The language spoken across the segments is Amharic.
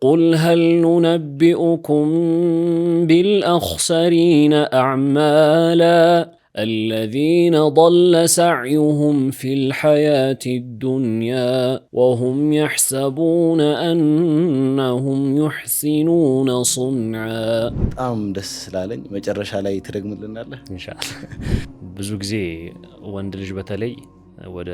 قل هل ننبئكم بالاخسرين اعمالا الذين ضل سعيهم في الحياه الدنيا وهم يحسبون انهم يحسنون صنعا ما جرش علي ترقم لنا الله إن شاء الله ወንድ وندرج በተለይ ወደ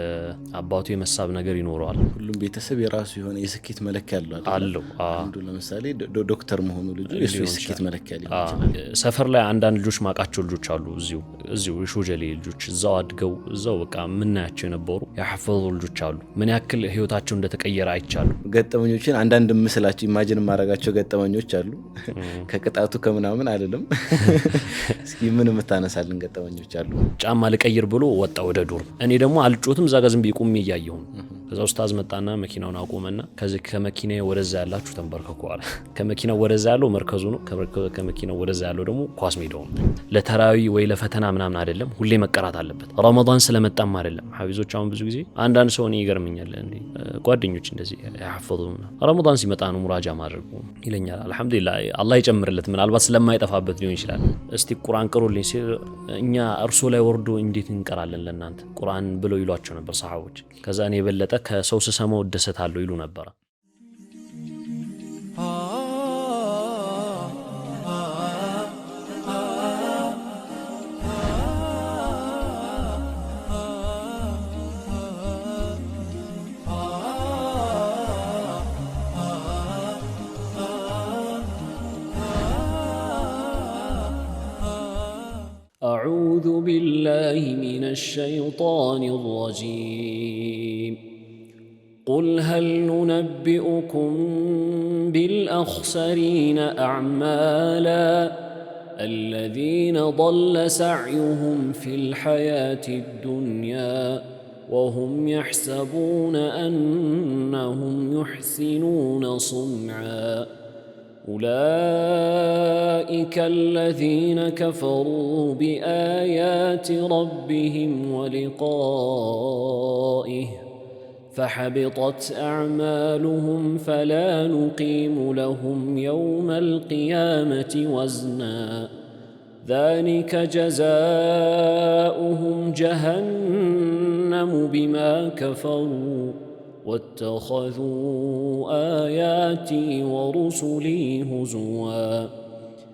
አባቱ የመሳብ ነገር ይኖረዋል። ሁሉም ቤተሰብ የራሱ የሆነ የስኬት መለኪያ አለው አለው። አንዱ ለምሳሌ ዶክተር መሆኑ ልጁ የሱ የስኬት መለኪያ ሊሆን ሰፈር ላይ አንዳንድ ልጆች ማቃቸው ልጆች አሉ እዚሁ እዚሁ የሾጀሌ ልጆች እዛው አድገው እዛው በቃ የምናያቸው የነበሩ ያሐፈዙ ልጆች አሉ። ምን ያክል ህይወታቸው እንደተቀየረ አይቻሉ። ገጠመኞችን አንዳንድ ምስላቸው ኢማጅን ማድረጋቸው ገጠመኞች አሉ። ከቅጣቱ ከምናምን አልልም። እስኪ ምን የምታነሳልን ገጠመኞች አሉ። ጫማ ልቀይር ብሎ ወጣ ወደ ዱር እኔ ደግሞ አልጮትም እዛ ጋር ዝም ብዬ ቁሜ እያየሁ ነው። ከዛ ኡስታዝ መጣና መኪናውን አቁመና ከዚህ ከመኪና ወደዛ ያላችሁ ተንበርከኩ አለ። ከመኪናው ወደዛ ያለው መርከዙ ነው። ከመኪናው ወደዛ ያለው ደግሞ ኳስ ሜዳው ነው። ለተራዊ ወይ ለፈተና ምናምን አይደለም፣ ሁሌ መቀራት አለበት። ረመዳን ስለመጣም አይደለም። ሀፊዞች አሁን ብዙ ጊዜ አንዳንድ ሰው እኔ ይገርመኛል፣ ጓደኞች እንደዚህ ያፈዙ ረመዳን ሲመጣ ነው ሙራጃ ማድረጉ ይለኛል። አልሐምዱላ አላህ ይጨምርለት። ምናልባት ስለማይጠፋበት ሊሆን ይችላል። እስቲ ቁርአን ቅሩልኝ ሲል እኛ እርሶ ላይ ወርዶ እንዴት እንቀራለን ለእናንተ ቁርአን ብለው ይሏቸው ነበር ሰሓቦች። ከዛ እኔ የበለጠ ከሰው ስሰማው እደሰታለሁ ይሉ ነበረ። أعوذ بالله من الشيطان الرجيم قل هل ننبئكم بالاخسرين اعمالا الذين ضل سعيهم في الحياه الدنيا وهم يحسبون انهم يحسنون صنعا اولئك الذين كفروا بايات ربهم ولقائه فحبطت اعمالهم فلا نقيم لهم يوم القيامه وزنا ذلك جزاؤهم جهنم بما كفروا واتخذوا اياتي ورسلي هزوا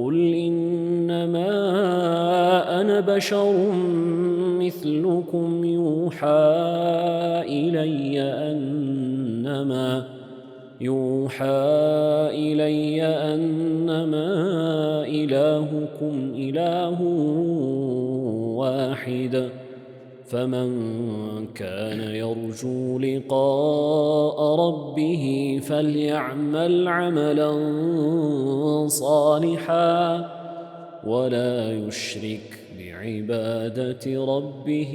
قل إنما أنا بشر مثلكم يوحى إلي أنما يوحى إلي أنما إلهكم إله واحد فمن كان يرجو لقاء ربه فليعمل عملا صالحا ولا يشرك بعبادة ربه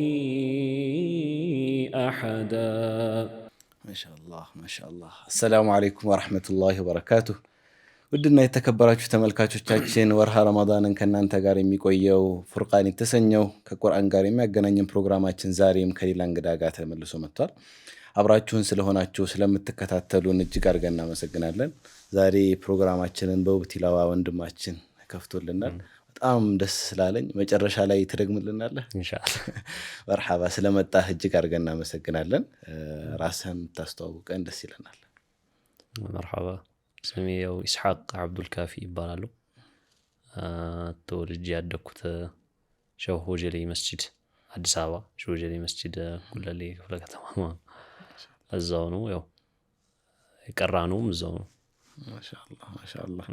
أحدا ما شاء الله ما شاء الله السلام عليكم ورحمة الله وبركاته ውድና የተከበራችሁ ተመልካቾቻችን ወርሃ ረመዳንን ከእናንተ ጋር የሚቆየው ፉርቃን የተሰኘው ከቁርአን ጋር የሚያገናኘን ፕሮግራማችን ዛሬም ከሌላ እንግዳ ጋር ተመልሶ መጥቷል። አብራችሁን ስለሆናችሁ ስለምትከታተሉን እጅግ አድርገን እናመሰግናለን። ዛሬ ፕሮግራማችንን በውብ ቲላዋ ወንድማችን ከፍቶልናል። በጣም ደስ ስላለኝ መጨረሻ ላይ ትደግምልናለህ ኢንሻላህ። መርሓባ ስለመጣህ እጅግ አድርገን እናመሰግናለን። ራስህን የምታስተዋውቀን ደስ ይለናል። መርሓባ ስሜ ያው ኢስሐቅ አብዱልካፊ ይባላሉ። ተወልጄ ያደግኩት ሸህ ሆጀሌ መስጂድ አዲስ አበባ ሸህ ሆጀሌ ጉለሌ ክፍለ ከተማ እዛው ነው። ያው የቀራ ነውም እዛው ነው። ማሻአላህ ማሻአላህ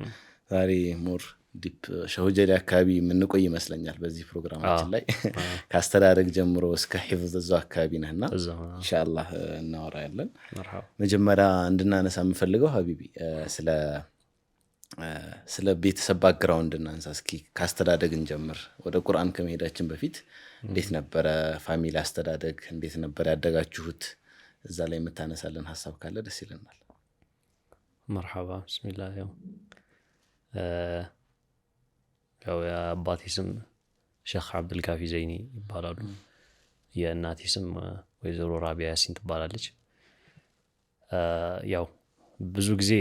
ዛሬ ሞር ዲፕ ሸሁጀሌ አካባቢ የምንቆይ ይመስለኛል። በዚህ ፕሮግራማችን ላይ ከአስተዳደግ ጀምሮ እስከ ሒፍዝ እዛ አካባቢ ነህና እናወራ ያለን መጀመሪያ እንድናነሳ የምፈልገው ሀቢቢ ስለ ስለ ቤተሰብ ባክግራውንድ እናንሳ እስኪ። ከአስተዳደግን ጀምር ወደ ቁርአን ከመሄዳችን በፊት እንዴት ነበረ ፋሚሊ አስተዳደግ? እንዴት ነበር ያደጋችሁት? እዛ ላይ የምታነሳለን ሀሳብ ካለ ደስ ይለናል። መርሓባ ብስሚላ ያው የአባቴ ስም ሸክ አብዱልካፊ ዘይኒ ይባላሉ። የእናቴ ስም ወይዘሮ ራቢያ ያሲን ትባላለች። ያው ብዙ ጊዜ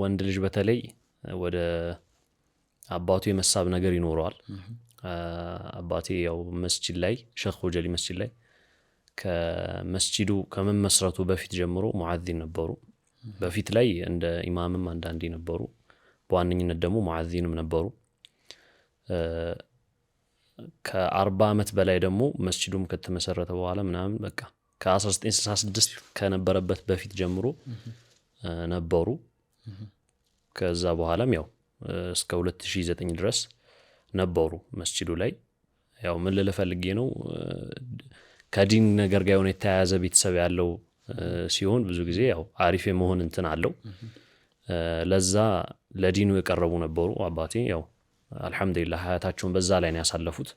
ወንድ ልጅ በተለይ ወደ አባቱ የመሳብ ነገር ይኖረዋል። አባቴ ያው መስጅድ ላይ ሸክ ወጀሊ መስጅድ ላይ ከመስጅዱ ከመመስረቱ በፊት ጀምሮ ሙዓዚን ነበሩ። በፊት ላይ እንደ ኢማምም አንዳንዴ ነበሩ፣ በዋነኝነት ደግሞ ሙዓዚንም ነበሩ። ከአርባ ዓመት በላይ ደግሞ መስጅዱም ከተመሰረተ በኋላ ምናምን በቃ ከ1966 ከነበረበት በፊት ጀምሮ ነበሩ። ከዛ በኋላም ያው እስከ 2009 ድረስ ነበሩ መስጅዱ ላይ። ያው ምን ልል ነው ከዲን ነገር ጋር የሆነ የተያያዘ ቤተሰብ ያለው ሲሆን ብዙ ጊዜ ያው አሪፍ የመሆን እንትን አለው። ለዛ ለዲኑ የቀረቡ ነበሩ አባቴ ያው አልሐምዱሊላህ ሀያታቸውን በዛ ላይ ነው ያሳለፉት።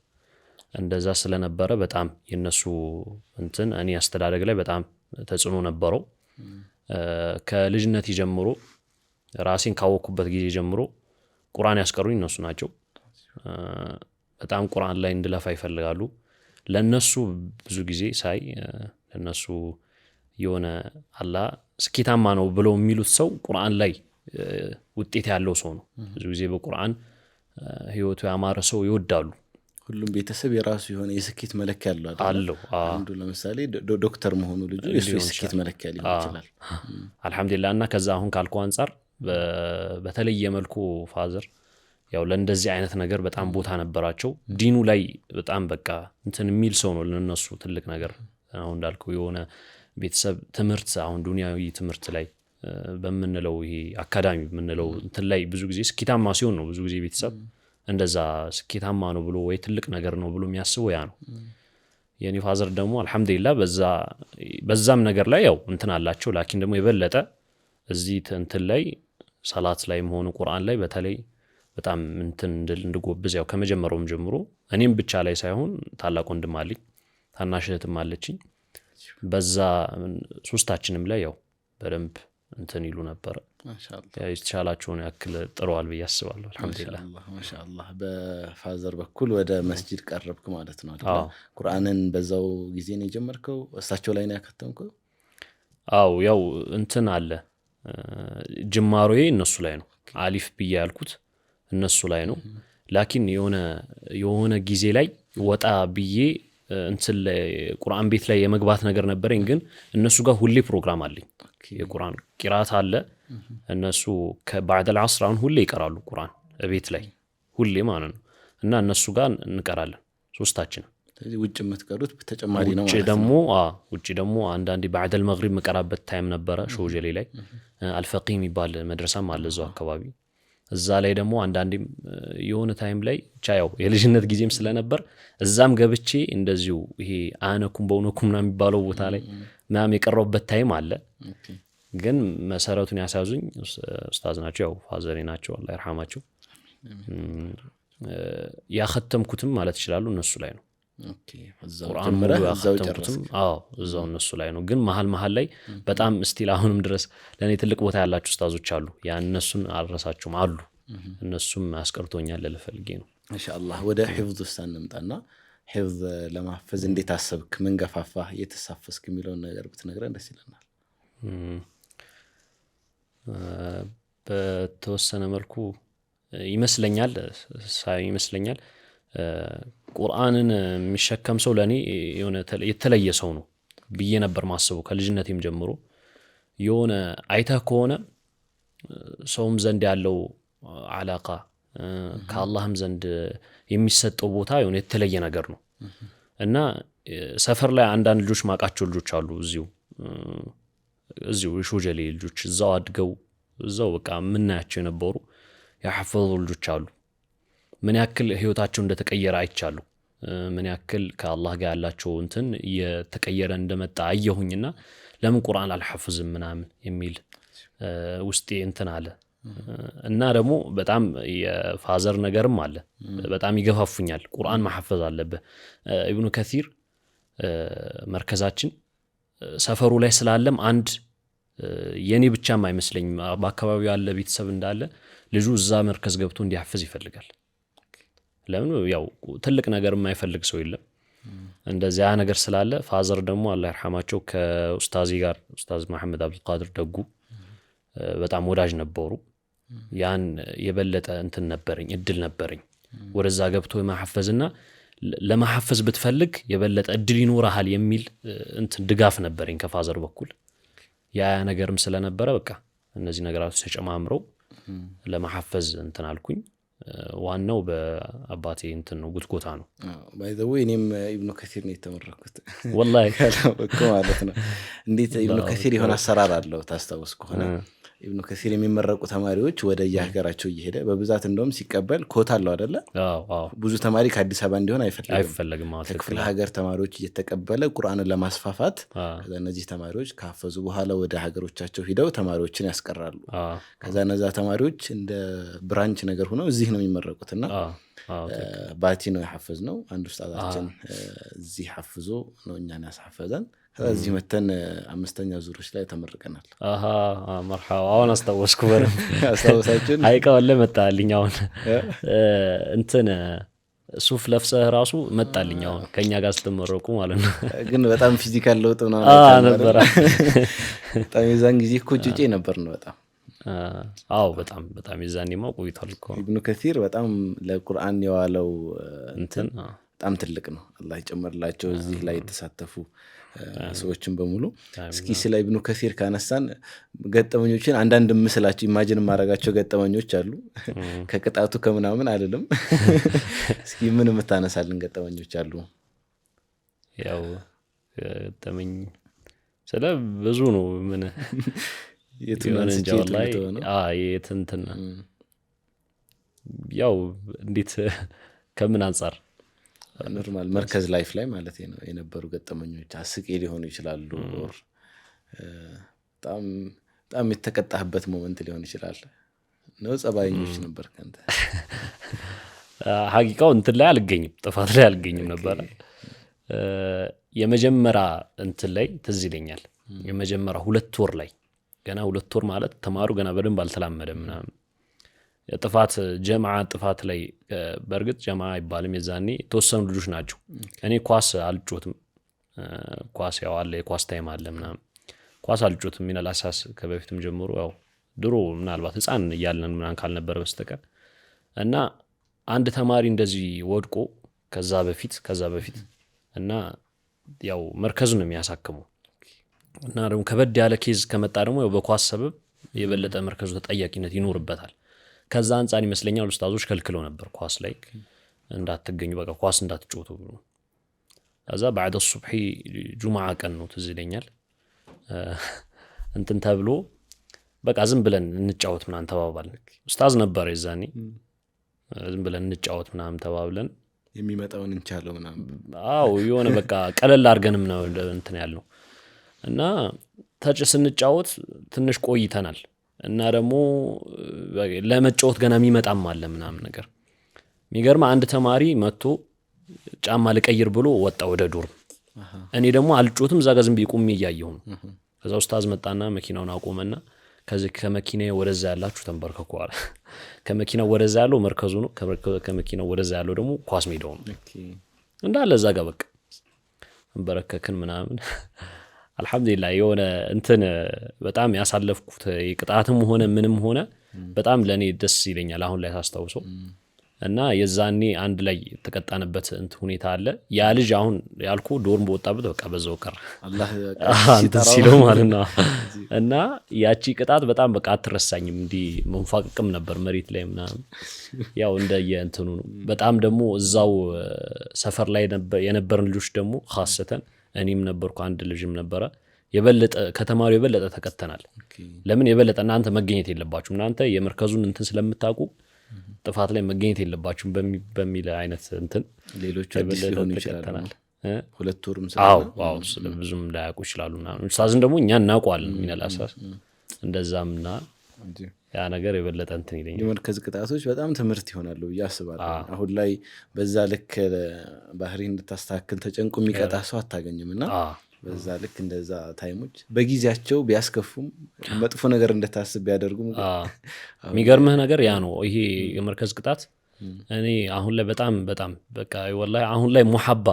እንደዛ ስለነበረ በጣም የነሱ እንትን እኔ አስተዳደግ ላይ በጣም ተጽዕኖ ነበረው። ከልጅነት ጀምሮ ራሴን ካወቅኩበት ጊዜ ጀምሮ ቁርአን ያስቀሩኝ እነሱ ናቸው። በጣም ቁርአን ላይ እንድለፋ ይፈልጋሉ። ለነሱ ብዙ ጊዜ ሳይ ለነሱ የሆነ አላ ስኬታማ ነው ብለው የሚሉት ሰው ቁርአን ላይ ውጤት ያለው ሰው ነው። ብዙ ጊዜ በቁርአን ህይወቱ ያማረ ሰው ይወዳሉ። ሁሉም ቤተሰብ የራሱ የሆነ የስኬት መለኪያ አለው አለው። አንዱ ለምሳሌ ዶክተር መሆኑ ልጁ የስኬት መለኪያ ያል ይችላል። አልሐምዱላ እና ከዛ አሁን ካልኩ አንጻር በተለየ መልኩ ፋዘር ያው ለእንደዚህ አይነት ነገር በጣም ቦታ ነበራቸው። ዲኑ ላይ በጣም በቃ እንትን የሚል ሰው ነው ልንነሱ ትልቅ ነገር። አሁን እንዳልከው የሆነ ቤተሰብ ትምህርት አሁን ዱኒያዊ ትምህርት ላይ በምንለው ይሄ አካዳሚ በምንለው እንትን ላይ ብዙ ጊዜ ስኬታማ ሲሆን ነው ብዙ ጊዜ ቤተሰብ እንደዛ ስኬታማ ነው ብሎ ወይ ትልቅ ነገር ነው ብሎ የሚያስበው ያ ነው። የኔ ፋዘር ደግሞ አልሐምዱሊላ በዛም ነገር ላይ ያው እንትን አላቸው። ላኪን ደግሞ የበለጠ እዚህ እንትን ላይ ሰላት ላይ መሆኑ ቁርአን ላይ በተለይ በጣም እንትን እንድል እንድጎብዝ ያው ከመጀመሪያውም ጀምሮ እኔም ብቻ ላይ ሳይሆን ታላቅ ወንድም አለኝ፣ ታናሽ እህትም አለችኝ። በዛ ሶስታችንም ላይ ያው በደንብ እንትን ይሉ ነበረ። የተቻላቸውን ያክል ጥረዋል ብዬ አስባለሁ። አልሐምዱሊላህ በፋዘር በኩል ወደ መስጂድ ቀረብክ ማለት ነው። ቁርአንን በዛው ጊዜ ነው የጀመርከው? እሳቸው ላይ ነው ያከተምከው? አው ያው እንትን አለ። ጅማሮዬ እነሱ ላይ ነው። አሊፍ ብዬ ያልኩት እነሱ ላይ ነው። ላኪን የሆነ ጊዜ ላይ ወጣ ብዬ እንትን ቁርአን ቤት ላይ የመግባት ነገር ነበረኝ፣ ግን እነሱ ጋር ሁሌ ፕሮግራም አለኝ። የቁርአን ቂራት አለ። እነሱ ከባዕደል ዓስር አሁን ሁሌ ይቀራሉ ቁርአን ቤት ላይ ሁሌ ማለት ነው። እና እነሱ ጋር እንቀራለን ሶስታችን። ውጭ የምትቀሩት ተጨማሪ ነው። ውጭ ደግሞ ውጭ ደግሞ አንዳንዴ ባዕደል መግሪብ የምቀራበት ታይም ነበረ። ሾጀሌ ላይ አልፈቂ የሚባል መድረሳም አለ እዛው አካባቢ እዛ ላይ ደግሞ አንዳንዴም የሆነ ታይም ላይ ብቻ ያው የልጅነት ጊዜም ስለነበር እዛም ገብቼ እንደዚሁ ይሄ አነኩም በእውነኩም ና የሚባለው ቦታ ላይ ምናምን የቀረውበት ታይም አለ። ግን መሰረቱን ያስያዙኝ ኡስታዝ ናቸው፣ ያው ፋዘሬ ናቸው፣ አላ ይርሐማቸው። ያከተምኩትም ማለት ይችላሉ እነሱ ላይ ነው። ቁርአን ሙሉ እዛው እነሱ ላይ ነው። ግን መሀል መሀል ላይ በጣም ስቲል አሁንም ድረስ ለእኔ ትልቅ ቦታ ያላቸው እስታዞች አሉ። ያ እነሱን አልረሳቸውም አሉ። እነሱም አስቀርቶኛል ለልፈልጌ ነው። እንሻላ ወደ ሒፍዝ ውስጥ እንምጣና ሒፍዝ ለማፈዝ እንዴት አሰብክ? ምን ገፋፋህ? እየተሳፈስክ የሚለውን ነገር ብትነግረን ደስ ይለናል። በተወሰነ መልኩ ይመስለኛል ይመስለኛል ቁርአንን የሚሸከም ሰው ለእኔ የሆነ የተለየ ሰው ነው ብዬ ነበር ማስበው ከልጅነቴም ጀምሮ። የሆነ አይተህ ከሆነ ሰውም ዘንድ ያለው አላቃ ከአላህም ዘንድ የሚሰጠው ቦታ የሆነ የተለየ ነገር ነው እና ሰፈር ላይ አንዳንድ ልጆች ማውቃቸው ልጆች አሉ እዚሁ እዚሁ የሾጀሌ ልጆች እዛው አድገው እዛው በቃ የምናያቸው የነበሩ የሐፈዙ ልጆች አሉ ምን ያክል ህይወታቸው እንደተቀየረ አይቻሉ። ምን ያክል ከአላህ ጋር ያላቸው እንትን እየተቀየረ እንደመጣ አየሁኝና ለምን ቁርአን አልሐፍዝም ምናምን የሚል ውስጤ እንትን አለ። እና ደግሞ በጣም የፋዘር ነገርም አለ። በጣም ይገፋፉኛል፣ ቁርአን መሐፈዝ አለብህ። ኢብኑ ከሲር መርከዛችን ሰፈሩ ላይ ስላለም አንድ የኔ ብቻም አይመስለኝም፣ በአካባቢው ያለ ቤተሰብ እንዳለ ልጁ እዛ መርከዝ ገብቶ እንዲያፍዝ ይፈልጋል። ለምን ያው ትልቅ ነገር የማይፈልግ ሰው የለም። እንደዚያ ነገር ስላለ ፋዘር ደግሞ አላ ይርሐማቸው ከኡስታዚ ጋር ኡስታዝ መሐመድ አብዱልቃድር ደጉ በጣም ወዳጅ ነበሩ። ያን የበለጠ እንትን ነበረኝ እድል ነበረኝ ወደዛ ገብቶ የማሐፈዝና ለማሐፈዝ ብትፈልግ የበለጠ እድል ይኖረሃል የሚል እንትን ድጋፍ ነበረኝ ከፋዘር በኩል ያ ነገርም ስለነበረ በቃ እነዚህ ነገራቶች ተጨማምረው ለማሐፈዝ እንትን አልኩኝ። ዋናው በአባቴ እንትን ነው ጉትጎታ ነው እኔም ኢብኑ ከሲር ነው የተመረኩት ወላ ማለት ነው እንዴት ኢብኑ ከሲር የሆነ አሰራር አለው ታስታውስ ከሆነ ኢብኑ ከሲር የሚመረቁ ተማሪዎች ወደ የሀገራቸው እየሄደ በብዛት እንደውም ሲቀበል ኮታ አለው አደለ? ብዙ ተማሪ ከአዲስ አበባ እንዲሆን አይፈለግም። ከክፍለ ሀገር ተማሪዎች እየተቀበለ ቁርአንን ለማስፋፋት እነዚህ ተማሪዎች ካፈዙ በኋላ ወደ ሀገሮቻቸው ሂደው ተማሪዎችን ያስቀራሉ። ከዛ እነዛ ተማሪዎች እንደ ብራንች ነገር ሆነው እዚህ ነው የሚመረቁትና ባቲ ነው የሐፈዝ ነው አንድ ውስጣታችን እዚህ ሐፍዞ ነው እኛን ያሳፈዘን እዚህ መተን አምስተኛ ዙሮች ላይ ተመርቀናል። መርሓ አሁን አስታወስኩ። በአስታወሳችን ሀይቀወለ መጣልኝ። አሁን እንትን ሱፍ ለፍሰህ ራሱ መጣልኝ። አሁን ከእኛ ጋር ስትመረቁ ማለት ነው። ግን በጣም ፊዚካል ለውጥ ነበረ። በጣም የዛን ጊዜ እኮ ጩጬ ነበር ነው። በጣም አዎ፣ በጣም በጣም የዛን ማ ቆይቷል እኮ። ኢብኑ ከሲር በጣም ለቁርአን የዋለው እንትን በጣም ትልቅ ነው። አላ ይጨመርላቸው እዚህ ላይ የተሳተፉ ሰዎችን በሙሉ እስኪ ስለ ኢብኑ ከሲር ካነሳን ገጠመኞችን አንዳንድ ምስላቸው ኢማጅን የማደርጋቸው ገጠመኞች አሉ። ከቅጣቱ ከምናምን አልልም። እስኪ ምን የምታነሳልን ገጠመኞች አሉ? ያው ገጠመኝ ስለ ብዙ ነው። ምን የትንትን ያው እንዴት ከምን አንጻር ኖርማል መርከዝ ላይፍ ላይ ማለት ነው የነበሩ ገጠመኞች አስቄ ሊሆኑ ይችላሉ። hmm. በጣም በጣም የተቀጣህበት ሞመንት ሊሆን ይችላል። ነው ጸባይኞች hmm. ነበር ከንተ ሀቂቃው እንትን ላይ አልገኝም፣ ጥፋት ላይ አልገኝም ነበረ። የመጀመሪያ እንትን ላይ ትዝ ይለኛል። hmm. የመጀመሪያ ሁለት ወር ላይ ገና ሁለት ወር ማለት ተማሩ ገና በደንብ አልተላመደም ምናምን ጥፋት ጀማ ጥፋት ላይ በእርግጥ ጀማ አይባልም። የዛኔ የተወሰኑ ልጆች ናቸው። እኔ ኳስ አልጮትም። ኳስ ያው አለ የኳስ ታይም አለ ምና ኳስ አልጮትም የሚል አሳስ ከበፊትም ጀምሮ ያው ድሮ ምናልባት ህፃን እያለን ምናን ካልነበረ በስተቀር እና አንድ ተማሪ እንደዚህ ወድቆ ከዛ በፊት ከዛ በፊት እና ያው መርከዙ ነው የሚያሳክመው እና ደግሞ ከበድ ያለ ኬዝ ከመጣ ደግሞ በኳስ ሰበብ የበለጠ መርከዙ ተጠያቂነት ይኖርበታል። ከዛ አንጻር ይመስለኛል ኡስታዞች ከልክለው ነበር ኳስ ላይ እንዳትገኙ በቃ ኳስ እንዳትጮቱ ብሎ ከዛ ባዕደ ሱብሒ ጁሙዓ ቀን ነው ትዝ ይለኛል እንትን ተብሎ በቃ ዝም ብለን እንጫወት ምናን ተባባል። ኡስታዝ ነበር የዛኔ ዝም ብለን እንጫወት ምናምን ተባብለን የሚመጣውን እንቻለው ምናምን። አዎ የሆነ በቃ ቀለል አድርገንም ነው እንትን ያልነው እና ተጭ ስንጫወት ትንሽ ቆይተናል። እና ደግሞ ለመጫወት ገና የሚመጣም አለ ምናምን ነገር የሚገርም አንድ ተማሪ መጥቶ ጫማ ልቀይር ብሎ ወጣ ወደ ዱር እኔ ደግሞ አልጮትም እዛ ጋር ዝም ብዬ ቁሜ ነው። ከዛ ውስታዝ መጣና መኪናውን አቆመና ከዚህ ከመኪና ወደዛ ያላችሁ ተንበርከኩ አለ። ከመኪናው ወደዛ ያለው መርከዙ ነው። ከመኪናው ወደዛ ያለው ደግሞ ኳስ ሜዳው ነው። እንዳለ እዛ ጋ በቃ እንበረከክን ምናምን አልሐምዱሊላ የሆነ እንትን በጣም ያሳለፍኩት ቅጣትም ሆነ ምንም ሆነ በጣም ለእኔ ደስ ይለኛል አሁን ላይ ታስታውሶ እና የዛኔ አንድ ላይ የተቀጣንበት እንት ሁኔታ አለ። ያ ልጅ አሁን ያልኩ ዶርም በወጣበት በቃ በዛው ቀረ እንትን ሲለው ማለት ነው። እና ያቺ ቅጣት በጣም በቃ አትረሳኝም። እንዲ መንፋቅቅም ነበር መሬት ላይ ምናምን፣ ያው እንደ የእንትኑ ነው። በጣም ደግሞ እዛው ሰፈር ላይ የነበርን ልጆች ደግሞ ካሰተን እኔም ነበርኩ አንድ ልጅም ነበረ የበለጠ ከተማሪው የበለጠ ተቀተናል። ለምን የበለጠ እናንተ መገኘት የለባችሁም እናንተ የመርከዙን እንትን ስለምታውቁ ጥፋት ላይ መገኘት የለባችሁም በሚል አይነት እንትን ሌሎች ተቀተናል። ሁለት ወርም ብዙም ላያውቁ ይችላሉ። ሳዝን ደግሞ እኛ እናውቋል የሚነላሳስ እንደዛምና ያ ነገር የበለጠ እንትን ይለኛል። የመርከዝ ቅጣቶች በጣም ትምህርት ይሆናሉ ብዬ አስባለሁ። አሁን ላይ በዛ ልክ ባህሪ እንድታስተካክል ተጨንቆ የሚቀጣ ሰው አታገኝም እና በዛ ልክ እንደዛ ታይሞች በጊዜያቸው ቢያስከፉም መጥፎ ነገር እንደታስብ ቢያደርጉም የሚገርምህ ነገር ያ ነው። ይሄ የመርከዝ ቅጣት እኔ አሁን ላይ በጣም በጣም በቃ ወላሂ አሁን ላይ ሙሐባ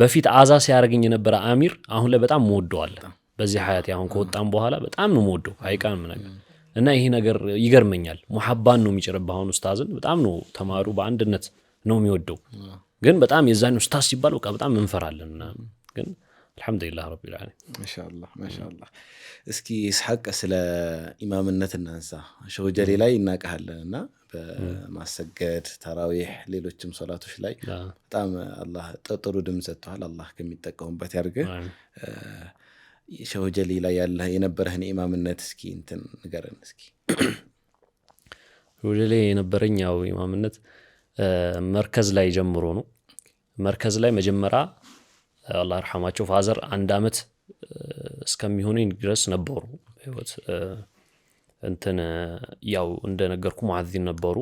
በፊት አዛ ሲያደርግኝ የነበረ አሚር አሁን ላይ በጣም እወደዋለሁ። በዚህ ሀያት አሁን ከወጣም በኋላ በጣም ነው የምወደው አይቀርም ነገር እና ይሄ ነገር ይገርመኛል። ሙሐባን ነው የሚጭርብህ። አሁን ኡስታዝን በጣም ነው ተማሩ በአንድነት ነው የሚወደው፣ ግን በጣም የዛን ኡስታዝ ሲባል በቃ በጣም እንፈራለን። ግን አልሐምዱሊላህ ረቢል ዓለሚን እስኪ ኢስሐቅ ስለ ኢማምነት እናንሳ። ሸሁ ላይ እናውቅሃለን እና በማሰገድ ተራዊሕ፣ ሌሎችም ሶላቶች ላይ በጣም አላህ ጥሩ ድምፅ ሰጥተዋል። አላህ ከሚጠቀሙበት ያድርግህ። ሸሆጀሌ ላይ ያለ የነበረህን ኢማምነት እስኪ እንትን ንገረን እስኪ። ሸሆጀሌ የነበረኝ ያው ኢማምነት መርከዝ ላይ ጀምሮ ነው። መርከዝ ላይ መጀመሪያ አላ ርሐማቸው ፋዘር አንድ አመት እስከሚሆኑ ድረስ ነበሩ ህይወት እንትን ያው እንደነገርኩ ሙዓዚን ነበሩ።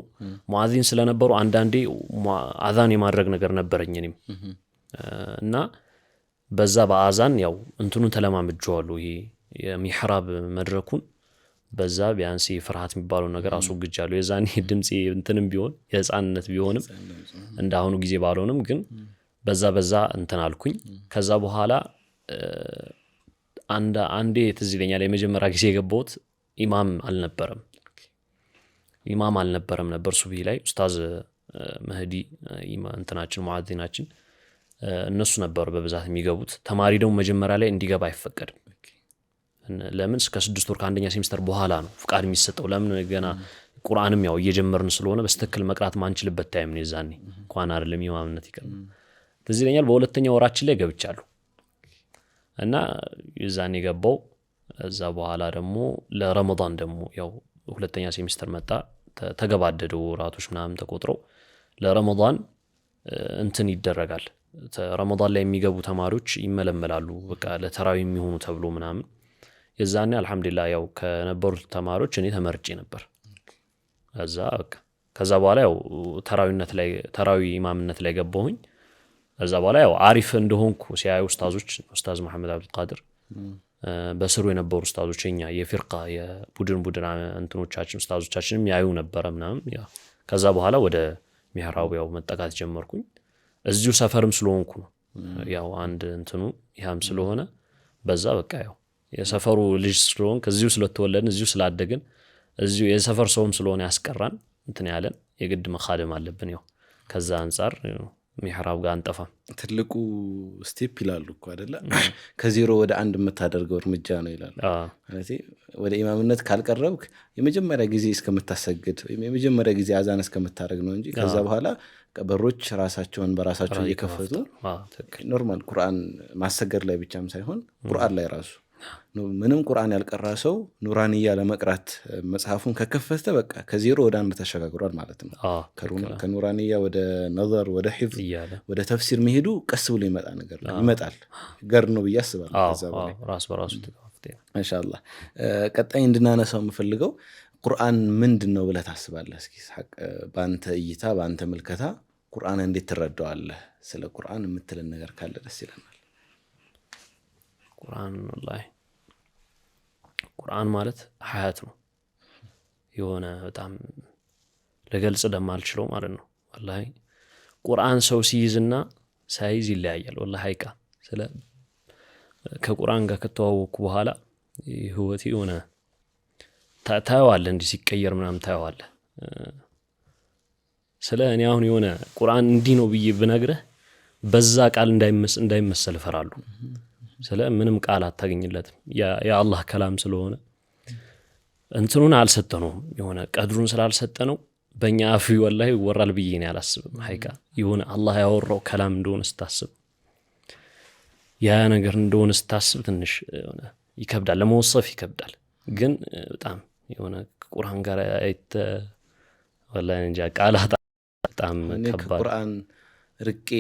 ሙዓዚን ስለነበሩ አንዳንዴ አዛን የማድረግ ነገር ነበረኝ እኔም እና በዛ በአዛን ያው እንትኑን ተለማምጄዋለሁ። ይሄ የሚሕራብ መድረኩን በዛ ቢያንስ ፍርሃት የሚባለው ነገር አስወግጃለሁ። የዛኔ ድምፄ እንትንም ቢሆን የህፃንነት ቢሆንም እንደ አሁኑ ጊዜ ባልሆንም ግን በዛ በዛ እንትን አልኩኝ። ከዛ በኋላ አንዴ ትዝ ይለኛል የመጀመሪያ ጊዜ የገባሁት ኢማም አልነበረም ኢማም አልነበረም ነበር ሱቢ ላይ ኡስታዝ መህዲ እንትናችን ሙዓዚናችን እነሱ ነበሩ በብዛት የሚገቡት። ተማሪ ደግሞ መጀመሪያ ላይ እንዲገባ አይፈቀድም። ለምን? እስከ ስድስት ወር ከአንደኛ ሴሚስተር በኋላ ነው ፍቃድ የሚሰጠው። ለምን? ገና ቁርአንም ያው እየጀመርን ስለሆነ በስትክክል መቅራት ማንችልበት ታይም ነው። የዛኔ እንኳን አይደለም ኢማምነት ይቀር ትዝ ይለኛል። በሁለተኛ ወራችን ላይ ገብቻሉ እና የዛኔ ገባው። እዛ በኋላ ደግሞ ለረመዳን ደግሞ ያው ሁለተኛ ሴሚስተር መጣ። ተገባደዱ ወራቶች ምናምን ተቆጥረው ለረመዳን እንትን ይደረጋል ረመዳን ላይ የሚገቡ ተማሪዎች ይመለመላሉ። በቃ ለተራዊ የሚሆኑ ተብሎ ምናምን የዛኔ አልሐምዱሊላ ያው ከነበሩት ተማሪዎች እኔ ተመርጬ ነበር። ከዛ ከዛ በኋላ ያው ተራዊነት ላይ ተራዊ ኢማምነት ላይ ገባሁኝ። ከዛ በኋላ ያው አሪፍ እንደሆንኩ ሲያዩ ኡስታዞች ኡስታዝ መሐመድ አብዱልቃድር በስሩ የነበሩ ኡስታዞች የኛ የፊርቃ የቡድን ቡድን እንትኖቻችን ኡስታዞቻችንም ያዩ ነበረ ምናምን። ከዛ በኋላ ወደ ሚህራብ ያው መጠቃት ጀመርኩኝ። እዚሁ ሰፈርም ስለሆንኩ ያው አንድ እንትኑ ያም ስለሆነ በዛ በቃ ያው የሰፈሩ ልጅ ስለሆን እዚሁ ስለተወለድን እዚሁ ስላደግን እዚሁ የሰፈር ሰውም ስለሆነ ያስቀራን እንትን ያለን የግድ መካደም አለብን። ያው ከዛ አንጻር ሚሕራብ ጋር አንጠፋ ትልቁ ስቴፕ ይላሉ እኮ አደለ ከዜሮ ወደ አንድ የምታደርገው እርምጃ ነው ይላሉ። ወደ ኢማምነት ካልቀረብክ የመጀመሪያ ጊዜ እስከምታሰግድ ወይም የመጀመሪያ ጊዜ አዛን እስከምታደርግ ነው እንጂ ከዛ በኋላ በሮች ራሳቸውን በራሳቸው እየከፈቱ ኖርማል ቁርአን ማሰገድ ላይ ብቻም ሳይሆን ቁርአን ላይ ራሱ ምንም ቁርአን ያልቀራ ሰው ኑራንያ ለመቅራት መጽሐፉን ከከፈተ በቃ ከዜሮ ወደ አንድ ተሸጋግሯል ማለት ነው። ከኑራንያ ወደ ነዘር፣ ወደ ሂፍዝ፣ ወደ ተፍሲር መሄዱ ቀስ ብሎ ይመጣ ነገር ይመጣል ገር ነው ብዬ አስባለሁ። ቀጣይ እንድናነሳው የምፈልገው ቁርአን ምንድን ነው ብለህ ታስባለህ? እስኪ በአንተ እይታ በአንተ ምልከታ ቁርአን እንዴት ትረዳዋለህ? ስለ ቁርአን የምትልን ነገር ካለ ደስ ይለናል። ቁርአን ወላሂ ቁርአን ማለት ሀያት ነው። የሆነ በጣም ለገልጽ ደማልችለው ማለት ነው። ወላሂ ቁርአን ሰው ሲይዝና ሳይዝ ይለያያል። ወላ ሀይቃ ስለ ከቁርአን ጋር ከተዋወቅኩ በኋላ ህይወቴ የሆነ ታየዋለ እንዲህ ሲቀየር ምናም ታየዋለ ስለ እኔ አሁን የሆነ ቁርአን እንዲህ ነው ብዬ ብነግረህ በዛ ቃል እንዳይመሰል ፈራሉ። ስለ ምንም ቃል አታገኝለትም። የአላህ ከላም ስለሆነ እንትኑን አልሰጠነውም። የሆነ ቀድሩን ስላልሰጠነው በእኛ አፍ ወላ ይወራል ብዬ ነው ያላስብም ሀይቃ የሆነ አላህ ያወራው ከላም እንደሆነ ስታስብ ያ ነገር እንደሆነ ስታስብ ትንሽ የሆነ ይከብዳል፣ ለመወሰፍ ይከብዳል። ግን በጣም የሆነ ቁርአን ጋር አይተ ወላ እንጃ ቃላት በጣም ከባድ ርቄ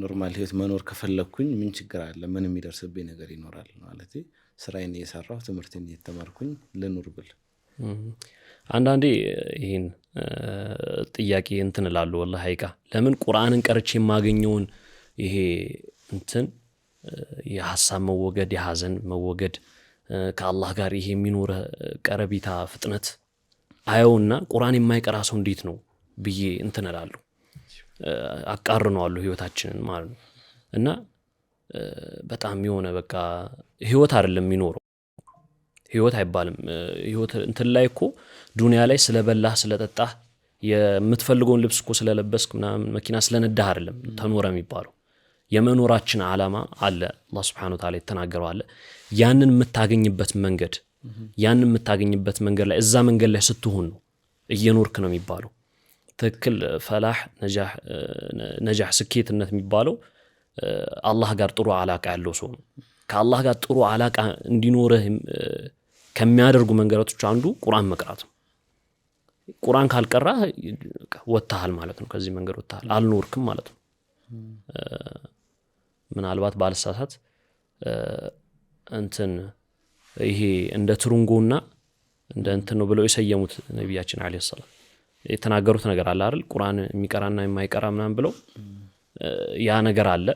ኖርማል ህይወት መኖር ከፈለግኩኝ ምን ችግር አለ? ምን የሚደርስብኝ ነገር ይኖራል? ማለት ስራዬን እየሰራሁ ትምህርቴን እየተማርኩኝ ልኑር ብል አንዳንዴ ይህን ጥያቄ እንትን እላሉ ወላ ሀይቃ ለምን ቁርአንን ቀርቼ የማገኘውን ይሄ እንትን የሀሳብ መወገድ የሀዘን መወገድ ከአላህ ጋር ይሄ የሚኖረ ቀረቢታ ፍጥነት አየውና ቁርአን የማይቀራ ሰው እንዴት ነው ብዬ እንትን እላለሁ። አቃርነዋለሁ ህይወታችንን ማለት ነው። እና በጣም የሆነ በቃ ህይወት አይደለም የሚኖረው ህይወት አይባልም ህይወት እንትን ላይ እኮ ዱንያ ላይ ስለበላህ ስለጠጣህ የምትፈልገውን ልብስ እኮ ስለለበስክ ምናምን መኪና ስለነዳህ አይደለም ተኖረ የሚባለው። የመኖራችን አላማ አለ። አላ ስብን ታላ የተናገረው አለ። ያንን የምታገኝበት መንገድ ያንን የምታገኝበት መንገድ ላይ እዛ መንገድ ላይ ስትሆን ነው እየኖርክ ነው የሚባለው። ትክክል ፈላህ ነጃህ ስኬትነት የሚባለው አላህ ጋር ጥሩ አላቃ ያለው ሰው ነው። ከአላህ ጋር ጥሩ አላቃ እንዲኖርህ ከሚያደርጉ መንገዶች አንዱ ቁርአን መቅራት ነው። ቁርአን ካልቀራ ወጥተሃል ማለት ነው። ከዚህ መንገድ ወጥተሃል፣ አልኖርክም ማለት ነው። ምናልባት ባልሳሳት እንትን ይሄ እንደ ትሩንጎና እንደ እንትን ነው ብለው የሰየሙት ነቢያችን ዓለይሂ ሰላም የተናገሩት ነገር አለ አይደል? ቁርአን የሚቀራና የማይቀራ ምናም ብለው ያ ነገር አለ።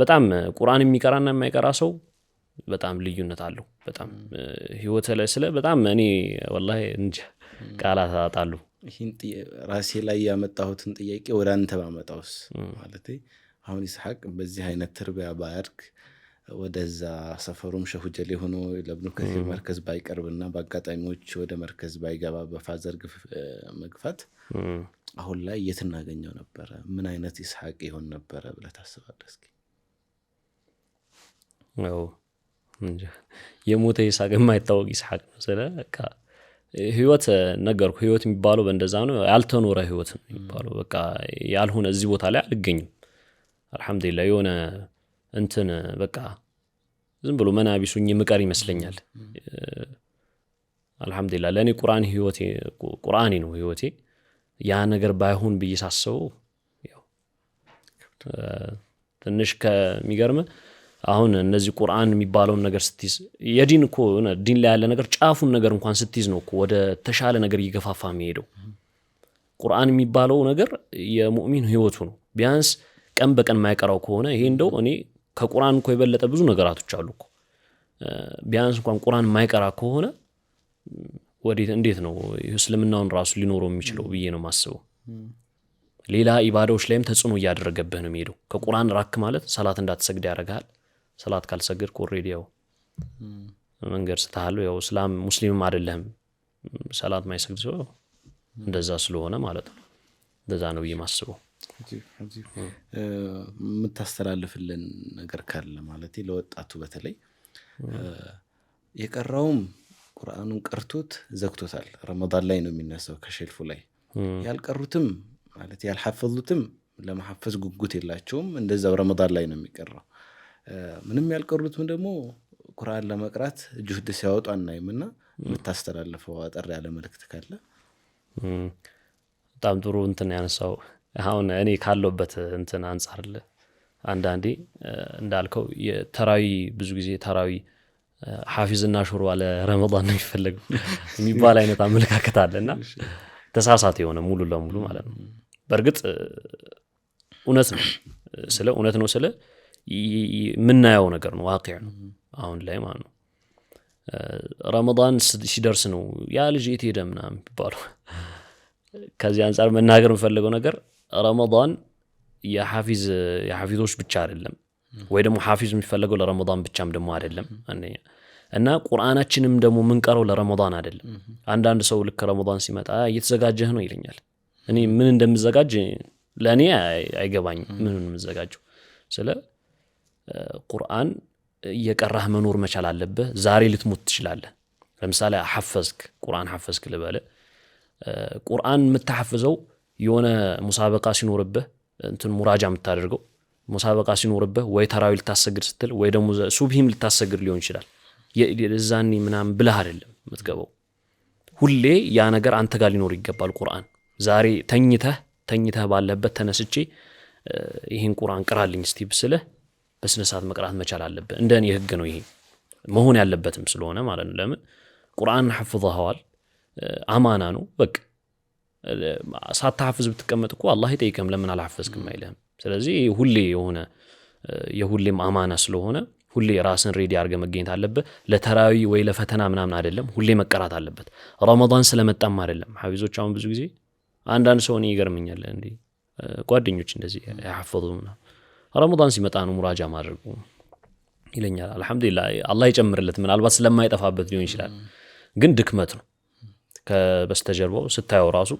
በጣም ቁርአን የሚቀራና የማይቀራ ሰው በጣም ልዩነት አለው። በጣም ህይወት ላይ ስለ በጣም እኔ ወላ እንጃ ቃላት አጣሉ። ራሴ ላይ ያመጣሁትን ጥያቄ ወደ አንተ ባመጣውስ ማለት አሁን ይስሐቅ በዚህ አይነት ትርቢያ ባያድግ ወደዛ ሰፈሩም ሸሁጀሌ ሆኖ ለብኑ ከዚህ መርከዝ ባይቀርብና በአጋጣሚዎች ወደ መርከዝ ባይገባ በፋዘር መግፋት አሁን ላይ የት እናገኘው ነበረ? ምን አይነት ይስሐቅ ይሆን ነበረ ብለ ታስባለህ? እስኪ የሞተ ይስሐቅ የማይታወቅ ይስሐቅ ነው። ስለ ህይወት ነገርኩ። ህይወት የሚባለው በእንደዛ ነው። ያልተኖረ ህይወት ነው የሚባለው። በቃ ያልሆነ እዚህ ቦታ ላይ አልገኝም። አልሐምዱላ የሆነ እንትን በቃ ዝም ብሎ መናቢሱኝ ምቀር ይመስለኛል። አልሐምዱላ ለእኔ ቁርአን ህይወቴ ነው ህይወቴ። ያ ነገር ባይሆን ብዬ ሳስበው ትንሽ ከሚገርም አሁን እነዚህ ቁርአን የሚባለውን ነገር ስትይዝ የዲን እኮ ዲን ላይ ያለ ነገር ጫፉን ነገር እንኳን ስትይዝ ነው እኮ ወደ ተሻለ ነገር እየገፋፋ የሚሄደው። ቁርአን የሚባለው ነገር የሙእሚን ህይወቱ ነው። ቢያንስ ቀን በቀን የማይቀራው ከሆነ ይሄ እንደው እኔ ከቁርአን እኮ የበለጠ ብዙ ነገራቶች አሉ እኮ። ቢያንስ እንኳን ቁርአን የማይቀራ ከሆነ ወዴት እንዴት ነው እስልምናውን ራሱ ሊኖረው የሚችለው ብዬ ነው ማስበው። ሌላ ኢባዳዎች ላይም ተጽዕኖ እያደረገብህ ነው የሚሄደው። ከቁርአን ራክ ማለት ሰላት እንዳትሰግድ ያደረግል ሰላት ካልሰግድ ኮሬድ ያው መንገድ ስተሃል። ያው እስላም ሙስሊምም አደለህም ሰላት ማይሰግድ ሰው እንደዛ ስለሆነ ማለት ነው። እንደዛ ነው ብዬ ማስበው። የምታስተላልፍልን ነገር ካለ ማለት ለወጣቱ በተለይ የቀራውም ቁርአኑን ቀርቶት ዘግቶታል። ረመዳን ላይ ነው የሚነሳው ከሸልፉ ላይ ያልቀሩትም ማለት ያልሐፈዙትም ለመሐፈዝ ጉጉት የላቸውም። እንደዛው ረመዳን ላይ ነው የሚቀራው። ምንም ያልቀሩትም ደግሞ ቁርአን ለመቅራት ጁህድ ሲያወጡ አናይም ና የምታስተላልፈው አጠር ያለ መልክት ካለ በጣም ጥሩ እንትን ያነሳው አሁን እኔ ካለበት እንትን አንጻር አንዳንዴ እንዳልከው ተራዊ ብዙ ጊዜ ተራዊ ሐፊዝና ሹሩ አለ ረመን ነው የሚፈለገው የሚባል አይነት አመለካከት አለ እና ተሳሳት የሆነ ሙሉ ለሙሉ ማለት ነው። በእርግጥ እውነት ነው ስለ እውነት ነው ስለ የምናየው ነገር ነው ዋቅ ነው አሁን ላይ ማለት ነው። ረመን ሲደርስ ነው ያ ልጅ የት ሄደ ምናምን ከዚህ አንጻር መናገር የምፈልገው ነገር ረመዳን የሐፊዝ የሐፊዞች ብቻ አይደለም ወይ ደግሞ ሐፊዝ የሚፈለገው ለረመዳን ብቻም ደግሞ አይደለም። እና ቁርአናችንም ደግሞ የምንቀረው ለረመዳን አይደለም። አንዳንድ ሰው ልክ ረመዳን ሲመጣ እየተዘጋጀህ ነው ይለኛል። እኔ ምን እንደምዘጋጅ ለእኔ አይገባኝም፣ ምን የምዘጋጀው ስለ ቁርአን እየቀራህ መኖር መቻል አለብህ። ዛሬ ልትሞት ትችላለህ። ለምሳሌ ሐፈዝክ ቁርአን ሐፈዝክ ልበለ ቁርአን የምታሐፍዘው የሆነ ሙሳበቃ ሲኖርብህ እንትን ሙራጃ የምታደርገው ሙሳበቃ ሲኖርብህ ወይ ተራዊ ልታሰግድ ስትል ወይ ደግሞ ሱብሂም ልታሰግድ ሊሆን ይችላል። እዛኔ ምናምን ብለህ አይደለም የምትገባው። ሁሌ ያ ነገር አንተ ጋር ሊኖር ይገባል። ቁርአን ዛሬ ተኝተህ ተኝተህ ባለህበት ተነስቼ ይህን ቁርአን ቅራልኝ እስቲ ብስልህ በስነ ሰዓት መቅራት መቻል አለብህ። እንደ እኔ ህግ ነው ይሄ መሆን ያለበትም ስለሆነ ማለት ነው። ለምን ቁርአን ሐፍዘኸዋል፣ አማና ነው በቃ ሳታሐፍዝ ብትቀመጥ እኮ አላህ ይጠይቀም ለምን አልሐፈዝክም አይልህም። ስለዚህ ሁሌ የሆነ የሁሌም አማና ስለሆነ ሁሌ ራስን ሬዲ አርገ መገኘት አለብህ። ለተራዊ ወይ ለፈተና ምናምን አይደለም፣ ሁሌ መቀራት አለበት። ረመን ስለመጣም አይደለም። ሐፊዞች አሁን ብዙ ጊዜ አንዳንድ ሰው እኔ ይገርመኛል፣ እንዲ ጓደኞች እንደዚህ ያሐፈዙ ረመን ሲመጣ ነው ሙራጃ ማድረጉ ይለኛል። አልሐምዱላ አላህ ይጨምርለት። ምናልባት ስለማይጠፋበት ሊሆን ይችላል፣ ግን ድክመት ነው ከበስተጀርባው ስታየው ራሱ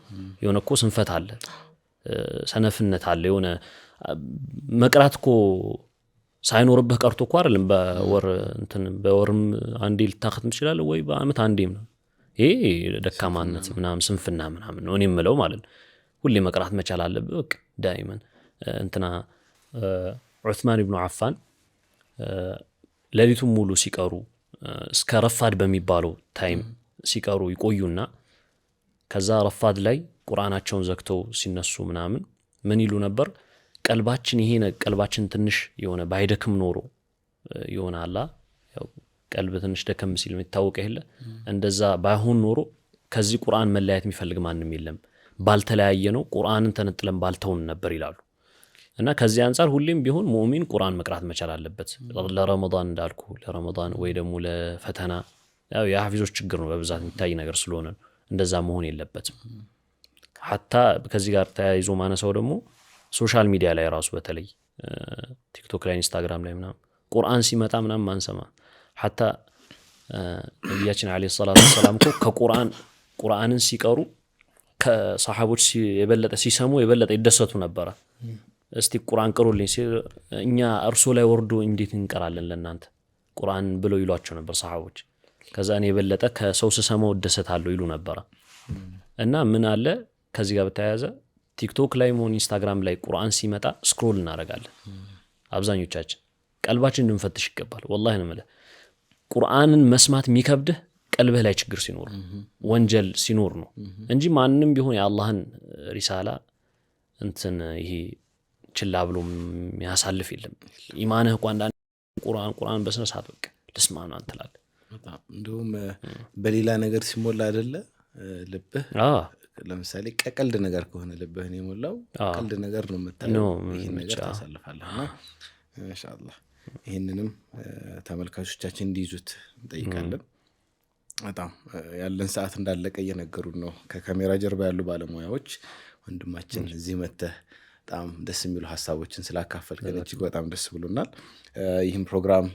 የሆነ እኮ ስንፈት አለ፣ ሰነፍነት አለ። የሆነ መቅራት እኮ ሳይኖርብህ ቀርቶ እኮ አይደለም። በወር እንትን በወርም አንዴ ልታከትም ትችላለ ወይ በአመት አንዴም ነው። ይሄ ደካማነት ምናምን ስንፍና ምናምን ነው እኔ ምለው ማለት ነው። ሁሌ መቅራት መቻል አለብህ። በቅ ዳይመን እንትና ዑትማን ብኑ አፋን ሌሊቱን ሙሉ ሲቀሩ እስከ ረፋድ በሚባለው ታይም ሲቀሩ ይቆዩና ከዛ ረፋድ ላይ ቁርአናቸውን ዘግተው ሲነሱ ምናምን ምን ይሉ ነበር? ቀልባችን ይሄ ቀልባችን ትንሽ የሆነ ባይደክም ኖሮ የሆነ አላ ቀልብ ትንሽ ደከም ሲል የሚታወቀ የለ እንደዛ ባይሆን ኖሮ ከዚህ ቁርአን መለያየት የሚፈልግ ማንም የለም፣ ባልተለያየ ነው ቁርአንን ተነጥለን ባልተውን ነበር ይላሉ። እና ከዚህ አንጻር ሁሌም ቢሆን ሙእሚን ቁርአን መቅራት መቻል አለበት። ለረመዳን እንዳልኩ ለረመዳን ወይ ደግሞ ለፈተና የሀፊዞች ችግር ነው በብዛት የሚታይ ነገር ስለሆነ እንደዛ መሆን የለበትም። ሀታ ከዚህ ጋር ተያይዞ ማነሳው ደግሞ ሶሻል ሚዲያ ላይ ራሱ በተለይ ቲክቶክ ላይ፣ ኢንስታግራም ላይ ምናም ቁርአን ሲመጣ ምናምን ማንሰማ ሀታ ነቢያችን ዓለይሂ ሰላት ሰላም እኮ ከቁርአን ቁርአንን ሲቀሩ ከሰሓቦች የበለጠ ሲሰሙ የበለጠ ይደሰቱ ነበረ። እስቲ ቁርአን ቅሩልኝ ሲል እኛ እርሶ ላይ ወርዶ እንዴት እንቀራለን ለእናንተ ቁርአን ብለው ይሏቸው ነበር ሰሓቦች። ከዛ እኔ የበለጠ ከሰው ስሰማው እደሰታለሁ ይሉ ነበረ። እና ምን አለ ከዚህ ጋር በተያያዘ ቲክቶክ ላይ መሆን ኢንስታግራም ላይ ቁርአን ሲመጣ ስክሮል እናደረጋለን አብዛኞቻችን። ቀልባችን እንድንፈትሽ ይገባል። ወላ ንምለ ቁርአንን መስማት የሚከብድህ ቀልብህ ላይ ችግር ሲኖር ወንጀል ሲኖር ነው እንጂ ማንም ቢሆን የአላህን ሪሳላ እንትን ይሄ ችላ ብሎ የሚያሳልፍ የለም። ኢማንህ እኳ አንዳንድ ቁርአን ቁርአን በስነ ሰዓት በቃ ልስማ ነው አንትላል እንዲሁም በሌላ ነገር ሲሞላ አይደለ ልብህ ለምሳሌ ቀቀልድ ነገር ከሆነ ልብህን የሞላው ቀልድ ነገር ነው የምታየው። ነገር ታሳልፋለህና ኢንሻላህ ይህንንም ተመልካቾቻችን እንዲይዙት እንጠይቃለን። በጣም ያለን ሰዓት እንዳለቀ እየነገሩን ነው ከካሜራ ጀርባ ያሉ ባለሙያዎች። ወንድማችን እዚህ መተህ በጣም ደስ የሚሉ ሀሳቦችን ስላካፈልከን እጅግ በጣም ደስ ብሎናል። ይህም ፕሮግራም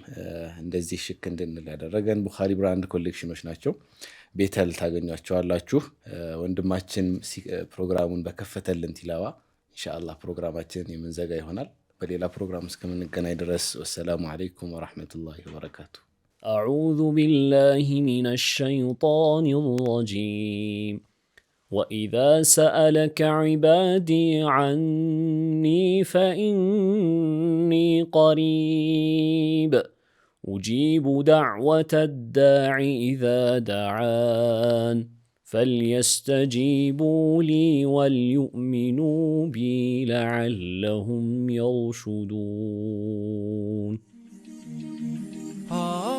እንደዚህ ሽክ እንድንል ያደረገን ቡኻሪ ብራንድ ኮሌክሽኖች ናቸው። ቤተል ታገኟቸዋላችሁ። ወንድማችን ፕሮግራሙን በከፈተልን ቲላዋ እንሻላ ፕሮግራማችንን የምንዘጋ ይሆናል። በሌላ ፕሮግራም እስከምንገናኝ ድረስ ወሰላሙ አለይኩም ወረሕመቱላሂ ወበረካቱ። አዑዙ ቢላሂ ረጂም واذا سالك عبادي عني فاني قريب اجيب دعوه الداع اذا دعان فليستجيبوا لي وليؤمنوا بي لعلهم يرشدون آه.